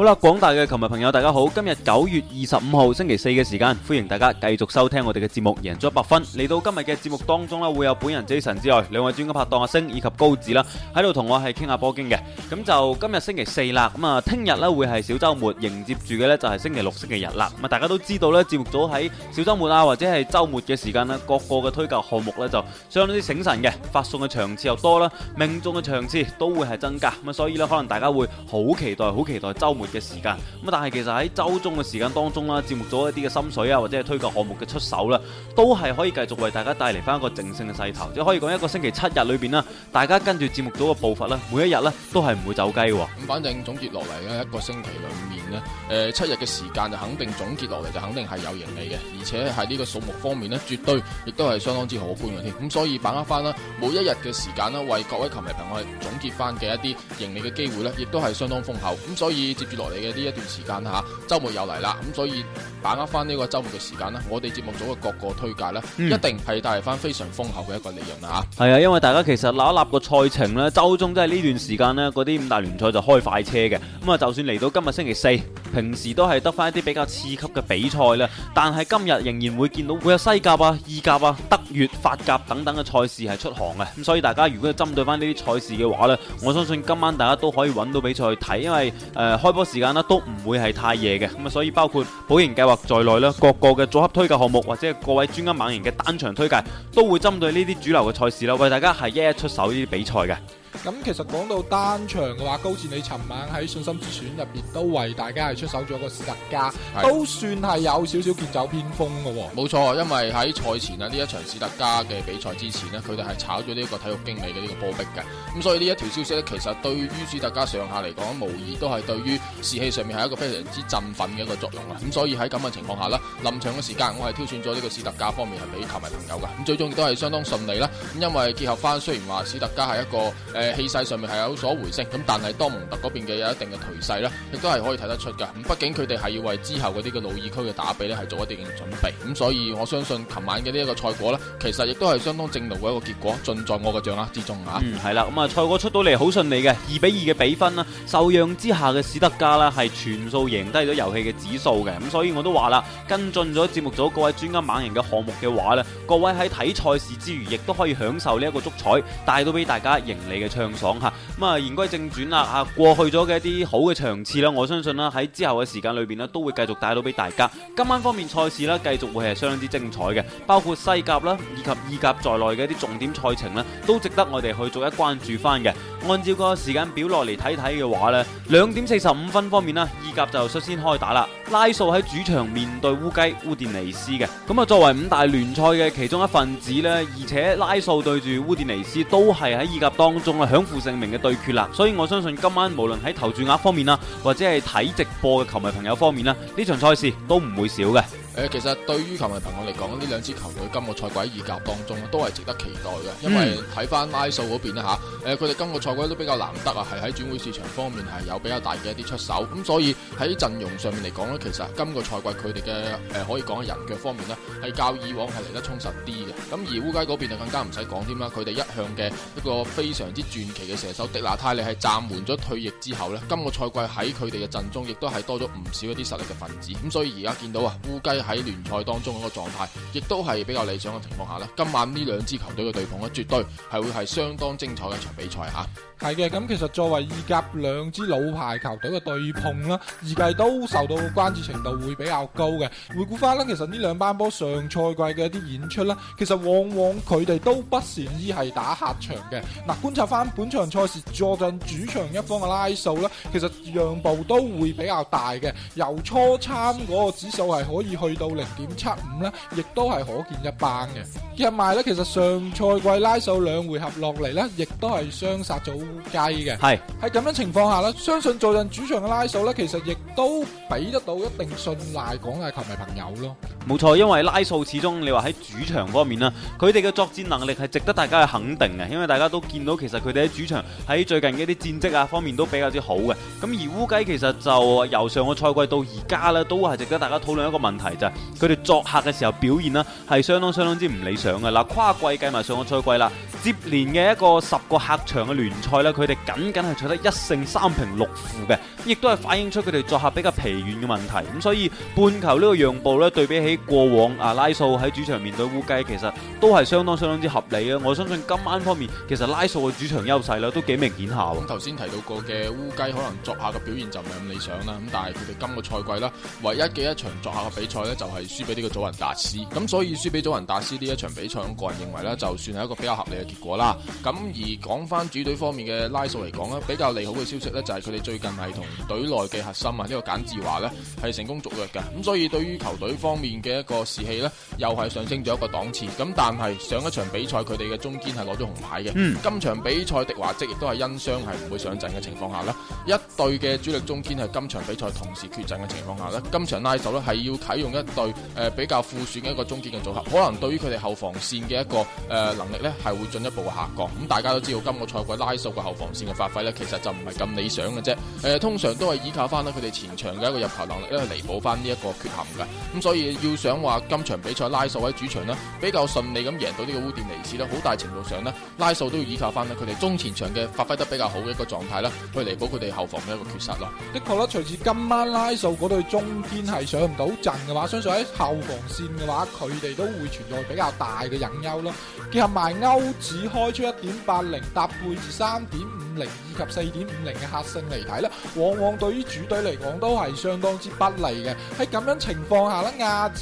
好啦，廣大嘅球迷朋友，大家好！今日九月二十五號星期四嘅時間，歡迎大家繼續收聽我哋嘅節目，贏足一百 FUN，嚟到今日嘅節目當中呢，會有本人 Jason 之外，兩位專家拍檔阿星以及高子啦，喺度同我係傾下波經嘅。咁就今日星期四啦，咁啊聽日呢，會係小周末，迎接住嘅呢就係、是、星期六、星期日啦。咁啊大家都知道呢，節目組喺小周末啊或者係周末嘅時間呢，各個嘅推介項目呢就相當之醒神嘅，發送嘅場次又多啦，命中嘅場次都會係增加。咁啊所以呢，可能大家會好期待、好期待周末。嘅時間，咁但係其實喺周中嘅時間當中啦，節目組一啲嘅心水啊，或者係推介項目嘅出手啦，都係可以繼續為大家帶嚟翻一個正勝嘅勢頭，即可以講一個星期七日裏邊啦，大家跟住節目組嘅步伐啦，每一日咧都係唔會走雞喎。反正總結落嚟呢，一個星期裏面呢，誒、呃、七日嘅時間就肯定總結落嚟就肯定係有盈利嘅，而且喺呢個數目方面呢，絕對亦都係相當之可觀嘅添。咁所以把握翻啦，每一日嘅時間啦，為各位球迷朋友總結翻嘅一啲盈利嘅機會呢，亦都係相當豐厚。咁所以接住。嚟嘅呢一段時間嚇，週末又嚟啦，咁所以把握翻呢個週末嘅時間咧，我哋節目組嘅各個推介咧，嗯、一定係帶嚟翻非常豐厚嘅一個利潤啦嚇。係啊，因為大家其實立一立個賽程咧，週中都係呢段時間咧，嗰啲五大聯賽就開快車嘅。咁啊，就算嚟到今日星期四，平時都係得翻一啲比較次級嘅比賽啦。但係今日仍然會見到會有西甲啊、意甲啊、德乙、法甲等等嘅賽事係出行嘅。咁所以大家如果針對翻呢啲賽事嘅話咧，我相信今晚大家都可以揾到比賽去睇，因為誒、呃、開時間咧都唔會係太夜嘅，咁啊所以包括保型計劃在內咧，各個嘅組合推介項目或者各位專家猛人嘅單場推介，都會針對呢啲主流嘅賽事啦，為大家係一一出手呢啲比賽嘅。咁其實講到單場嘅話，高志你尋晚喺信心之選入面都為大家係出手咗個史特加，都算係有少少劍走偏鋒嘅喎。冇錯，因為喺賽前啊，呢一場史特加嘅比賽之前呢，佢哋係炒咗呢一個體育經理嘅呢個波壁嘅。咁所以呢一條消息呢，其實對於史特加上下嚟講，無疑都係對於士氣上面係一個非常之振奮嘅一個作用啦。咁所以喺咁嘅情況下啦，臨場嘅時間我係挑選咗呢個史特加方面係俾球迷朋友嘅。咁最終亦都係相當順利啦。咁因為結合返，雖然話史特加係一個。呃氣勢上面係有所回升，咁但係多蒙特嗰邊嘅有一定嘅頹勢咧，亦都係可以睇得出嘅。咁畢竟佢哋係要為之後嗰啲嘅魯爾區嘅打比咧係做一定嘅準備，咁所以我相信琴晚嘅呢一個賽果呢，其實亦都係相當正路嘅一個結果，盡在我嘅掌握之中啊！嗯，係啦，咁、嗯、啊賽果出到嚟好順利嘅，二比二嘅比分啦，受讓之下嘅史特加啦係全數贏低咗遊戲嘅指數嘅，咁所以我都話啦，跟進咗節目組各位專家猛人嘅項目嘅話咧，各位喺睇賽事之餘，亦都可以享受呢一個足彩帶到俾大家盈利嘅。暢爽吓，咁啊言歸正傳啦，吓過去咗嘅一啲好嘅場次啦，我相信啦喺之後嘅時間裏邊咧都會繼續帶到俾大家。今晚方面賽事啦，繼續會係相當之精彩嘅，包括西甲啦以及意甲在內嘅一啲重點賽程咧，都值得我哋去逐一關注翻嘅。按照個時間表落嚟，睇睇嘅話咧，兩點四十五分方面啦，意甲就率先開打啦，拉素喺主場面對烏雞烏迪尼斯嘅，咁啊作為五大聯賽嘅其中一份子咧，而且拉素對住烏迪尼斯都係喺意甲當中。享負盛名嘅對決啦，所以我相信今晚無論喺投注額方面啦，或者係睇直播嘅球迷朋友方面啦，呢場賽事都唔會少嘅。誒，其實對於球迷朋友嚟講，呢兩支球隊今個賽季喺意甲當中都係值得期待嘅，因為睇翻拉素嗰邊啦吓，誒，佢哋今個賽季都比較難得啊，係喺轉會市場方面係有比較大嘅一啲出手，咁所以喺陣容上面嚟講咧，其實今個賽季佢哋嘅誒可以講嘅人腳方面呢，係較以往係嚟得充實啲嘅，咁而烏雞嗰邊就更加唔使講添啦，佢哋一向嘅一個非常之傳奇嘅射手迪拿泰利係暫緩咗退役之後咧，今個賽季喺佢哋嘅陣中亦都係多咗唔少一啲實力嘅分子，咁所以而家見到啊烏雞。喺聯賽當中嗰個狀態，亦都係比較理想嘅情況下咧，今晚呢兩支球隊嘅對碰咧，絕對係會係相當精彩嘅一場比賽吓。係嘅，咁其實作為意甲兩支老牌球隊嘅對碰啦，而家都受到關注程度會比較高嘅。回顧翻，啦其實呢兩班波上賽季嘅一啲演出啦，其實往往佢哋都不善於係打客場嘅。嗱，觀察翻本場賽事，坐陣主場一方嘅拉數啦，其實讓步都會比較大嘅。由初參嗰個指數係可以去到零點七五啦，亦都係可見一斑嘅。夾埋呢，其實上賽季拉數兩回合落嚟呢，亦都係雙殺咗。雞嘅係喺咁樣情況下咧，相信做任主場嘅拉手咧，其實亦都俾得到一定信賴廣大球迷朋友咯。冇錯，因為拉素始終你話喺主場方面啦，佢哋嘅作戰能力係值得大家去肯定嘅，因為大家都見到其實佢哋喺主場喺最近嘅啲戰績啊方面都比較之好嘅。咁而烏雞其實就由上個賽季到而家呢，都係值得大家討論一個問題就係佢哋作客嘅時候表現呢係相當相當之唔理想嘅。嗱，跨季計埋上個賽季啦，接連嘅一個十個客場嘅聯賽呢，佢哋僅僅係取得一勝三平六負嘅，亦都係反映出佢哋作客比較疲軟嘅問題。咁所以半球呢個讓步呢，對比起過往啊，拉素喺主場面對烏雞，其實都係相當相當之合理啊，我相信今晚方面，其實拉素嘅主場優勢咧都幾明顯下喎。頭先提到過嘅烏雞可能作客嘅表現就唔係咁理想啦。咁但係佢哋今個賽季咧唯一嘅一場作客嘅比賽咧就係輸俾呢個祖雲達斯。咁所以輸俾祖雲達斯呢一場比賽，我個人認為咧就算係一個比較合理嘅結果啦。咁而講翻主隊方面嘅拉素嚟講咧，比較利好嘅消息咧就係佢哋最近係同隊內嘅核心啊呢個簡志華咧係成功續約嘅。咁所以對於球隊方面，嘅一個士氣呢，又係上升咗一個檔次。咁但係上一場比賽佢哋嘅中堅係攞咗紅牌嘅。嗯，今場比賽的迪華積亦都係因傷係唔會上陣嘅情況下呢，一隊嘅主力中堅係今場比賽同時缺陣嘅情況下呢，今場拉手呢，係要啟用一隊誒、呃、比較副選嘅一個中堅嘅組合，可能對於佢哋後防線嘅一個誒、呃、能力呢，係會進一步下降。咁大家都知道今個賽季拉手嘅後防線嘅發揮呢，其實就唔係咁理想嘅啫。誒、呃，通常都係依靠翻佢哋前場嘅一個入球能力咧嚟補翻呢一個缺陷嘅。咁所以要要想話今場比賽拉素喺主場呢，比較順利咁贏到呢個烏迪內斯呢，好大程度上呢，拉素都要依靠翻佢哋中前場嘅發揮得比較好嘅一個狀態啦，去彌補佢哋後防嘅一個缺失咯。的確啦，隨住今晚拉素嗰隊中堅係上唔到陣嘅話，相信喺後防線嘅話，佢哋都會存在比較大嘅隱憂咯。結合埋歐指開出一點八零搭配住三點五零以及四點五零嘅客勝嚟睇呢，往往對於主隊嚟講都係相當之不利嘅。喺咁樣情況下咧，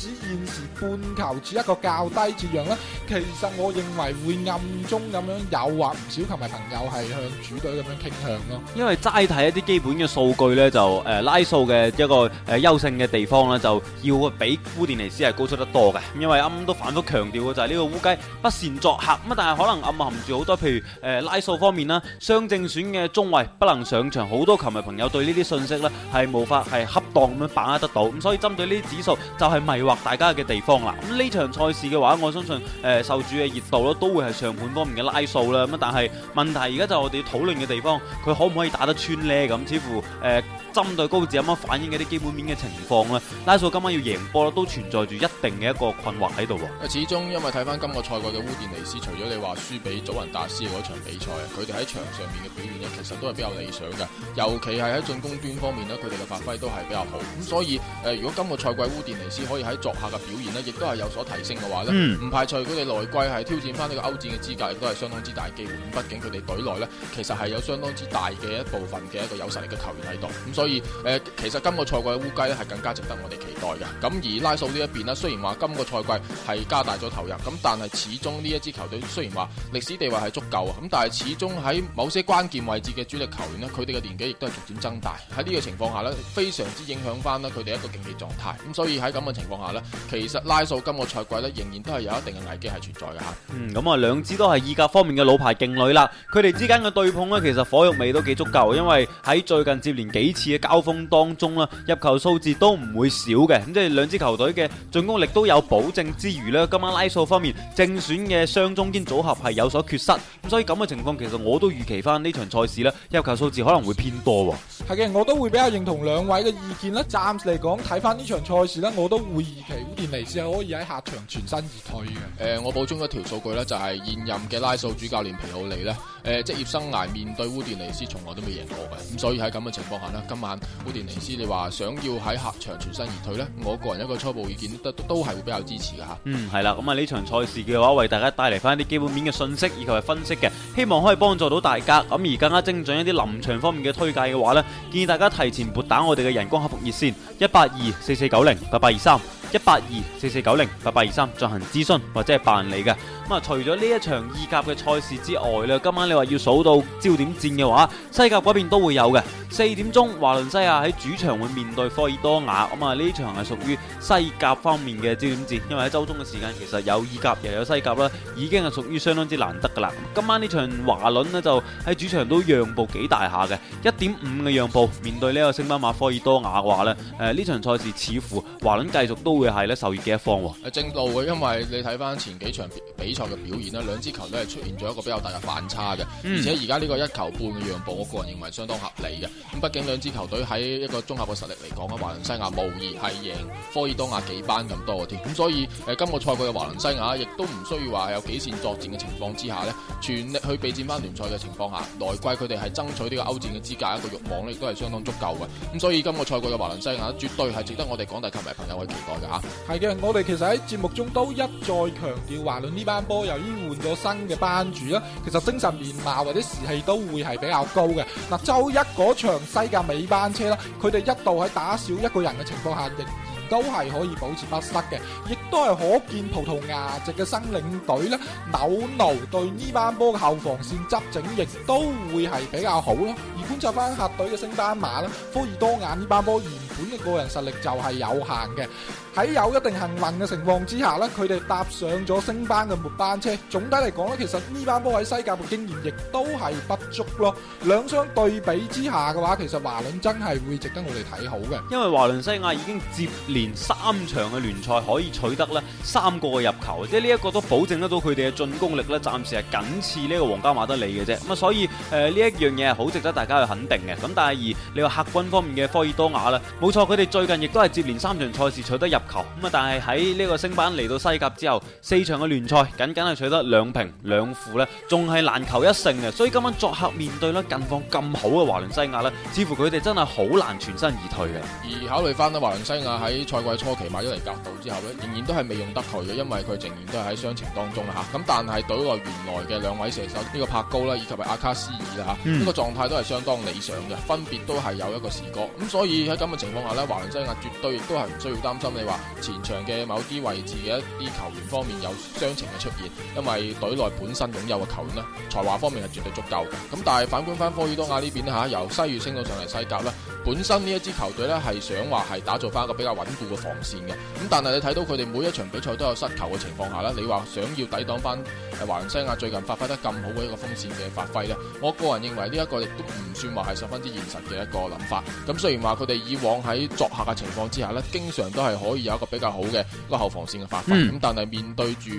指現時半球只一個較低次樣咧，其實我認為會暗中咁樣誘惑唔少球迷朋友係向主隊咁樣傾向咯。因為齋睇一啲基本嘅數據咧，就誒拉素嘅一個誒優勝嘅地方咧，就要比烏迪尼斯係高出得多嘅。因為啱啱都反覆強調嘅就係呢個烏雞不善作客咁啊，但係可能暗含住好多譬如誒拉素方面啦，雙正選嘅中衞不能上場，好多球迷朋友對呢啲信息咧係無法係恰。當咁樣把握得到，咁所以針對呢啲指數就係迷惑大家嘅地方啦。咁呢場賽事嘅話，我相信、呃、受主嘅熱度都會係上盤方面嘅拉數啦。咁但係問題而家就係我哋討論嘅地方，佢可唔可以打得穿呢？咁似乎、呃針對高指咁樣反映嘅啲基本面嘅情況咧，拉素今晚要贏波咯，都存在住一定嘅一個困惑喺度。啊，始終因為睇翻今個賽季嘅烏甸尼斯，除咗你話輸俾祖雲達斯嘅嗰場比賽，佢哋喺場上面嘅表現咧，其實都係比較理想嘅，尤其係喺進攻端方面呢，佢哋嘅發揮都係比較好。咁所以，誒、呃，如果今個賽季嘅烏甸尼斯可以喺作客嘅表現呢，亦都係有所提升嘅話呢，唔、mm. 排除佢哋來季係挑戰翻呢個歐戰嘅資格，亦都係相當之大機會。咁畢竟佢哋隊內呢，其實係有相當之大嘅一部分嘅一個有實力嘅球員喺度。所以，誒、呃，其實今個賽季嘅烏雞咧係更加值得我哋期待嘅。咁而拉素呢一邊咧，雖然話今個賽季係加大咗投入，咁但係始終呢一支球隊雖然話歷史地位係足夠，咁但係始終喺某些關鍵位置嘅主力球員咧，佢哋嘅年紀亦都係逐漸增大。喺呢個情況下呢，非常之影響翻咧佢哋一個競技狀態。咁所以喺咁嘅情況下呢，其實拉素今個賽季呢，仍然都係有一定嘅危機係存在嘅嚇。嗯，咁啊兩支都係意甲方面嘅老牌勁旅啦，佢哋之間嘅對碰呢，其實火藥味都幾足夠，因為喺最近接連幾次嘅交鋒當中啦，入球數字都唔會少嘅，咁即係兩支球隊嘅進攻力都有保證之餘咧，今晚拉數方面正選嘅雙中堅組合係有所缺失，咁所以咁嘅情況，其實我都預期翻呢場賽事呢，入球數字可能會偏多。係嘅，我都會比較認同兩位嘅意見啦。暫時嚟講，睇翻呢場賽事咧，我都會預期烏甸尼斯係可以喺客場全身而退嘅。誒、呃，我補充一條數據咧，就係、是、現任嘅拉素主教練皮奧利，咧、呃，誒職業生涯面對烏甸尼斯從來都未贏過嘅。咁所以喺咁嘅情況下咧，今晚烏甸尼斯你話想要喺客場全身而退咧，我個人一個初步意見都都係會比較支持嘅嚇。嗯，係啦，咁啊呢場賽事嘅話，為大家帶嚟翻一啲基本面嘅信息以及係分析嘅，希望可以幫助到大家。咁而更加精準一啲臨場方面嘅推介嘅話咧。建議大家提前撥打我哋嘅人工客服熱線一八二四四九零八八二三。一八二四四九零八八二三進行諮詢或者係辦理嘅。咁啊，除咗呢一場意甲嘅賽事之外咧，今晚你話要數到焦點戰嘅話，西甲嗰邊都會有嘅。四點鐘，華倫西亞喺主場會面對科爾多瓦，咁啊呢場係屬於西甲方面嘅焦點戰。因為喺周中嘅時間其實有意甲又有西甲啦，已經係屬於相當之難得噶啦。今晚呢場華倫咧就喺主場都讓步幾大下嘅，一點五嘅讓步面對呢個西班牙科爾多瓦嘅話咧，誒、呃、呢場賽事似乎華倫繼續都。都會係咧受益嘅一方喎、哦。正道嘅，因為你睇翻前幾場比，比賽嘅表現咧，兩支球隊係出現咗一個比較大嘅反差嘅、嗯。而且而家呢個一球半嘅讓步，我個人認為是相當合理嘅。咁畢竟兩支球隊喺一個綜合嘅實力嚟講咧，華倫西亞無疑係贏科爾多瓦幾班咁多嘅添。咁所以誒、呃，今個賽季嘅華倫西亞亦都唔需要話有幾線作戰嘅情況之下咧，全力去備戰翻聯賽嘅情況下，來季佢哋係爭取呢個歐戰嘅資格一個慾望咧，亦都係相當足夠嘅。咁所以今個賽季嘅華倫西亞絕對係值得我哋廣大球迷朋友去期待嘅。係嘅，我哋其實喺節目中都一再強調話，呢班波由於換咗新嘅班主啦，其實精神面貌或者士氣都會係比較高嘅。嗱，周一嗰場西甲尾班車啦，佢哋一度喺打少一個人嘅情況下，仍然都係可以保持不失嘅，亦都係可見葡萄牙籍嘅新領隊咧紐奴對呢班波嘅後防線執整亦都會係比較好咯。而觀察翻客隊嘅升班馬咧，科爾多瓦呢班波。本嘅個人實力就係有限嘅，喺有一定幸運嘅情況之下呢，佢哋搭上咗升班嘅末班車。總體嚟講呢，其實呢班波喺西甲嘅經驗亦都係不足咯。兩相對比之下嘅話，其實華倫真係會值得我哋睇好嘅，因為華倫西亞已經接連三場嘅聯賽可以取得呢三個，個入球，即係呢一個都保證得到佢哋嘅進攻力呢，暫時係僅次呢個皇家馬德里嘅啫。咁啊，所以誒呢、呃、一樣嘢係好值得大家去肯定嘅。咁但係而你話客軍方面嘅科爾多瓦咧。冇錯，佢哋最近亦都係接連三場賽事取得入球咁啊！但係喺呢個升班嚟到西甲之後，四場嘅聯賽僅僅係取得兩平兩負咧，仲係難求一勝嘅。所以今晚作客面對咧近況咁好嘅華倫西亞咧，似乎佢哋真係好難全身而退嘅。而考慮翻華倫西亞喺賽季初期買咗嚟格斗之後咧，仍然都係未用得佢嘅，因為佢仍然都係喺傷情當中吓咁，但係隊內原來嘅兩位射手呢、呢個帕高啦以及係阿卡斯爾啦吓，呢、嗯、個狀態都係相當理想嘅，分別都係有一個視角咁，所以喺咁嘅情況。當下咧，華倫西亞絕對亦都係唔需要擔心，你話前場嘅某啲位置嘅一啲球員方面有傷情嘅出現，因為隊內本身擁有嘅球員呢，才華方面係絕對足夠。咁但係反觀翻科爾多瓦呢邊吓，由西乙升到上嚟西甲咧，本身呢一支球隊呢係想話係打造翻一個比較穩固嘅防線嘅。咁但係你睇到佢哋每一場比賽都有失球嘅情況下呢，你話想要抵擋翻華倫西亞最近發揮得咁好嘅一個鋒線嘅發揮呢，我個人認為呢一個亦都唔算話係十分之現實嘅一個諗法。咁雖然話佢哋以往，喺作客嘅情況之下咧，經常都係可以有一個比較好嘅個後防線嘅發揮。咁、嗯、但係面對住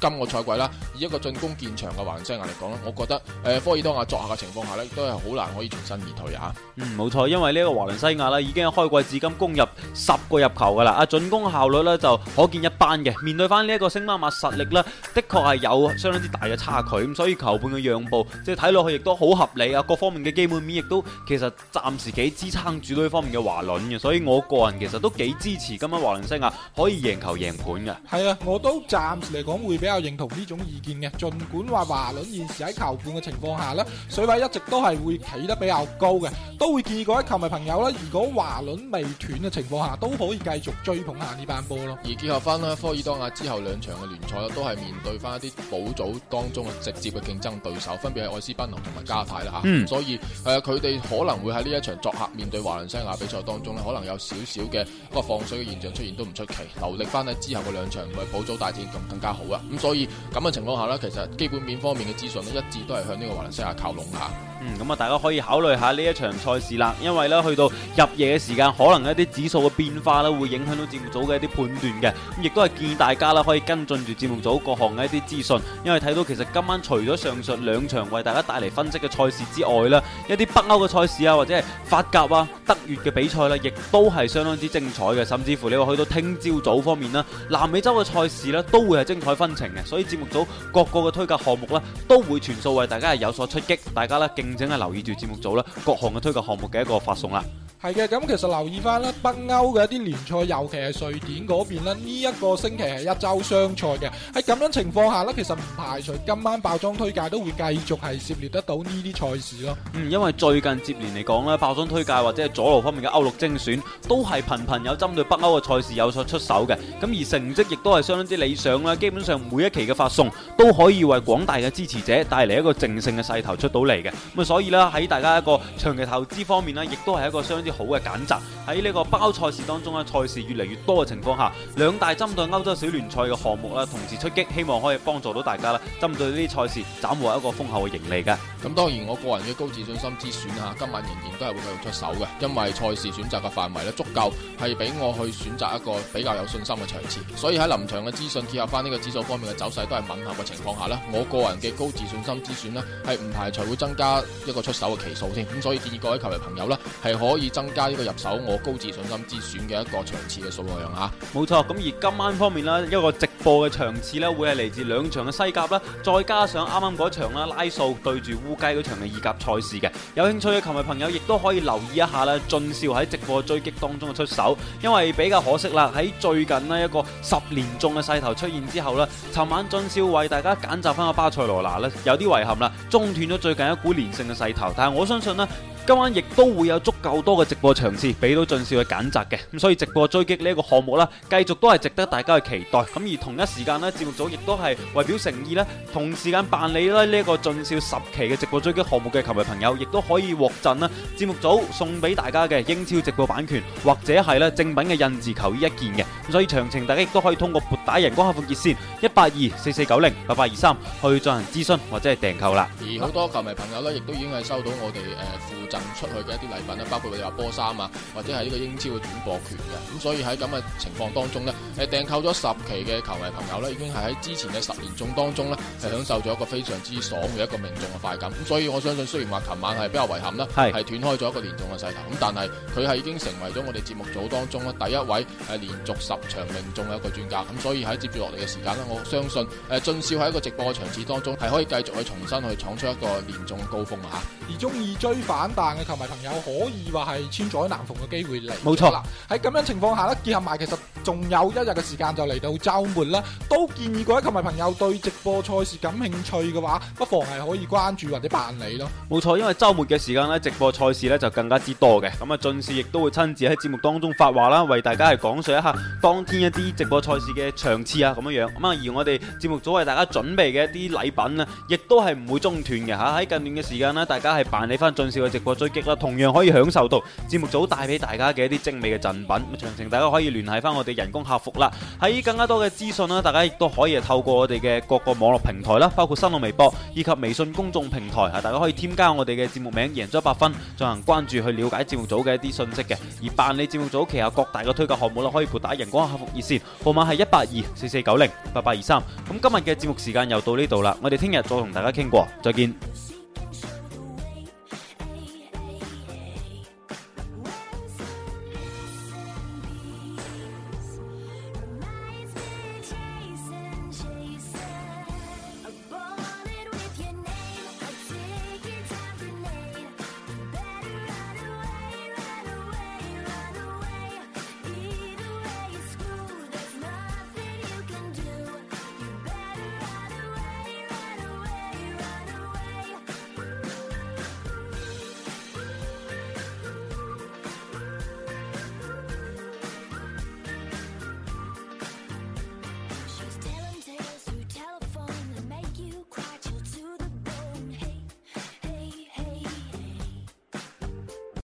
今個賽季啦，以一個進攻見長嘅華倫西亞嚟講咧，我覺得誒、呃、科爾多亞作客嘅情況下咧，都係好難可以全身而退啊！嗯，冇錯，因為呢一個華倫西亞啦，已經開季至今攻入十個入球噶啦，啊進攻效率咧就可見一斑嘅。面對翻呢一個星馬馬實力呢，的確係有相當之大嘅差距，所以球盤嘅讓步，即係睇落去亦都好合理啊。各方面嘅基本面亦都其實暫時幾支撐住呢方面嘅華倫。所以我個人其實都幾支持今晚華倫西亞可以贏球贏盤嘅。係啊，我都暫時嚟講會比較認同呢種意見嘅。儘管話華倫現時喺球盤嘅情況下咧，水位一直都係會企得比較高嘅，都會建議各位球迷朋友啦。如果華倫未斷嘅情況下，都可以繼續追捧下呢班波咯。而結合翻啦，科爾多瓦之後兩場嘅聯賽都係面對翻一啲保組當中嘅直接嘅競爭對手，分別係愛斯賓奴同埋加泰啦嚇、嗯。所以誒，佢、呃、哋可能會喺呢一場作客面對華倫西亞比賽當中。可能有少少嘅一個放水嘅現象出現，都唔出奇，留力翻喺之後嘅兩場，唔係補組大戰仲更加好啊！咁所以咁嘅情況下咧，其實基本面方面嘅資訊咧，一致都係向呢個華倫西亞靠攏下。咁、嗯、啊，大家可以考慮下呢一場賽事啦，因為咧去到入夜嘅時間可能一啲指數嘅變化咧，會影響到節目組嘅一啲判斷嘅。咁亦都係建議大家啦，可以跟進住節目組各項嘅一啲資訊，因為睇到其實今晚除咗上述兩場為大家帶嚟分析嘅賽事之外咧，一啲北歐嘅賽事啊，或者係法甲啊、德乙嘅比賽咧，亦都係相當之精彩嘅。甚至乎你話去到聽朝早組方面啦，南美洲嘅賽事咧都會係精彩紛呈嘅，所以節目組各個嘅推介項目咧都會全數為大家有所出擊，大家咧勁。請啊留意住節目組啦，各項嘅推介項目嘅一個發送啦。係嘅，咁其實留意翻咧北歐嘅一啲聯賽，尤其係瑞典嗰邊咧，呢一個星期係一周雙賽嘅。喺咁樣情況下咧，其實唔排除今晚爆莊推介都會繼續係涉獵得到呢啲賽事咯。嗯，因為最近接連嚟講咧，爆莊推介或者係佐羅方面嘅歐陸精選都係頻頻有針對北歐嘅賽事有所出手嘅，咁而成績亦都係相當之理想啦。基本上每一期嘅發送都可以為廣大嘅支持者帶嚟一個正性嘅勢頭出到嚟嘅。咁啊，所以咧喺大家一個長期投資方面咧，亦都係一個相當之。好嘅揀擇，喺呢個北歐賽事當中咧，賽事越嚟越多嘅情況下，兩大針對歐洲小聯賽嘅項目咧，同時出擊，希望可以幫助到大家啦。針對呢啲賽事，斬獲一個豐厚嘅盈利嘅。咁當然，我個人嘅高自信心之選嚇，今晚仍然都係會繼續出手嘅，因為賽事選擇嘅範圍咧足夠，係俾我去選擇一個比較有信心嘅場次。所以喺臨場嘅資訊結合翻呢個指數方面嘅走勢都係吻合嘅情況下咧，我個人嘅高自信心之選咧係唔排除會增加一個出手嘅期數添。咁所以建議各位球迷朋友呢係可以。增加呢個入手我高自信心之選嘅一個場次嘅數量啊！冇錯，咁而今晚方面呢，一個直播嘅場次呢，會係嚟自兩場嘅西甲啦，再加上啱啱嗰場啦，拉素對住烏雞嗰場嘅意甲賽事嘅。有興趣嘅球迷朋友亦都可以留意一下呢俊少喺直播追擊當中嘅出手，因為比較可惜啦，喺最近呢一個十連中嘅勢頭出現之後呢，尋晚俊少為大家揀集翻個巴塞羅那呢，有啲遺憾啦，中斷咗最近一股連勝嘅勢頭，但係我相信呢。今晚亦都會有足夠多嘅直播場次，俾到進少嘅揀擇嘅，咁所以直播追擊呢個個項目啦，繼續都係值得大家去期待。咁而同一時間呢，節目組亦都係為表誠意咧，同時間辦理咧呢一個進少十期嘅直播追擊項目嘅球迷朋友，亦都可以獲贈啦節目組送俾大家嘅英超直播版權，或者係呢正品嘅印字球衣一件嘅。咁所以詳情大家亦都可以通過撥打人工客服熱線一八二四四九零八八二三去進行諮詢或者係訂購啦。而好多球迷朋友呢，亦都已經係收到我哋誒贈出去嘅一啲禮品啦，包括佢哋話波衫啊，或者係呢個英超嘅轉播權嘅。咁所以喺咁嘅情況當中呢，誒訂購咗十期嘅球迷朋友呢，已經係喺之前嘅十年中當中呢，係享受咗一個非常之爽嘅一個命中嘅快感。咁所以我相信，雖然話琴晚係比較遺憾啦，係斷開咗一個連中嘅勢頭。咁但係佢係已經成為咗我哋節目組當中呢第一位係連續十場命中嘅一個專家。咁所以喺接住落嚟嘅時間呢，我相信誒進少喺一個直播嘅場次當中係可以繼續去重新去闖出一個連中嘅高峰啊！而中意追反嘅球迷朋友可以話係千載難逢嘅機會嚟，冇錯啦。喺咁樣的情況下呢，結合埋其實仲有一日嘅時間就嚟到周末啦，都建議各位球迷朋友對直播賽事感興趣嘅話，不妨係可以關注或者辦理咯。冇錯，因為周末嘅時間呢，直播賽事呢就更加之多嘅。咁啊，進少亦都會親自喺節目當中發話啦，為大家係講述一下當天一啲直播賽事嘅場次啊，咁樣樣。咁啊，而我哋節目組為大家準備嘅一啲禮品呢，亦都係唔會中斷嘅吓。喺近段嘅時間呢，大家係辦理翻進少嘅直播。最極啦，同樣可以享受到節目組帶俾大家嘅一啲精美嘅贈品。詳情大家可以聯繫翻我哋人工客服啦。喺更加多嘅資訊啦，大家亦都可以透過我哋嘅各個網絡平台啦，包括新浪微博以及微信公眾平台啊，大家可以添加我哋嘅節目名贏咗一百分進行關注去了解節目組嘅一啲信息嘅。而辦理節目組旗下各大嘅推介項目啦，可以撥打人工客服熱線號碼係一八二四四九零八八二三。咁今日嘅節目時間又到呢度啦，我哋聽日再同大家傾過，再見。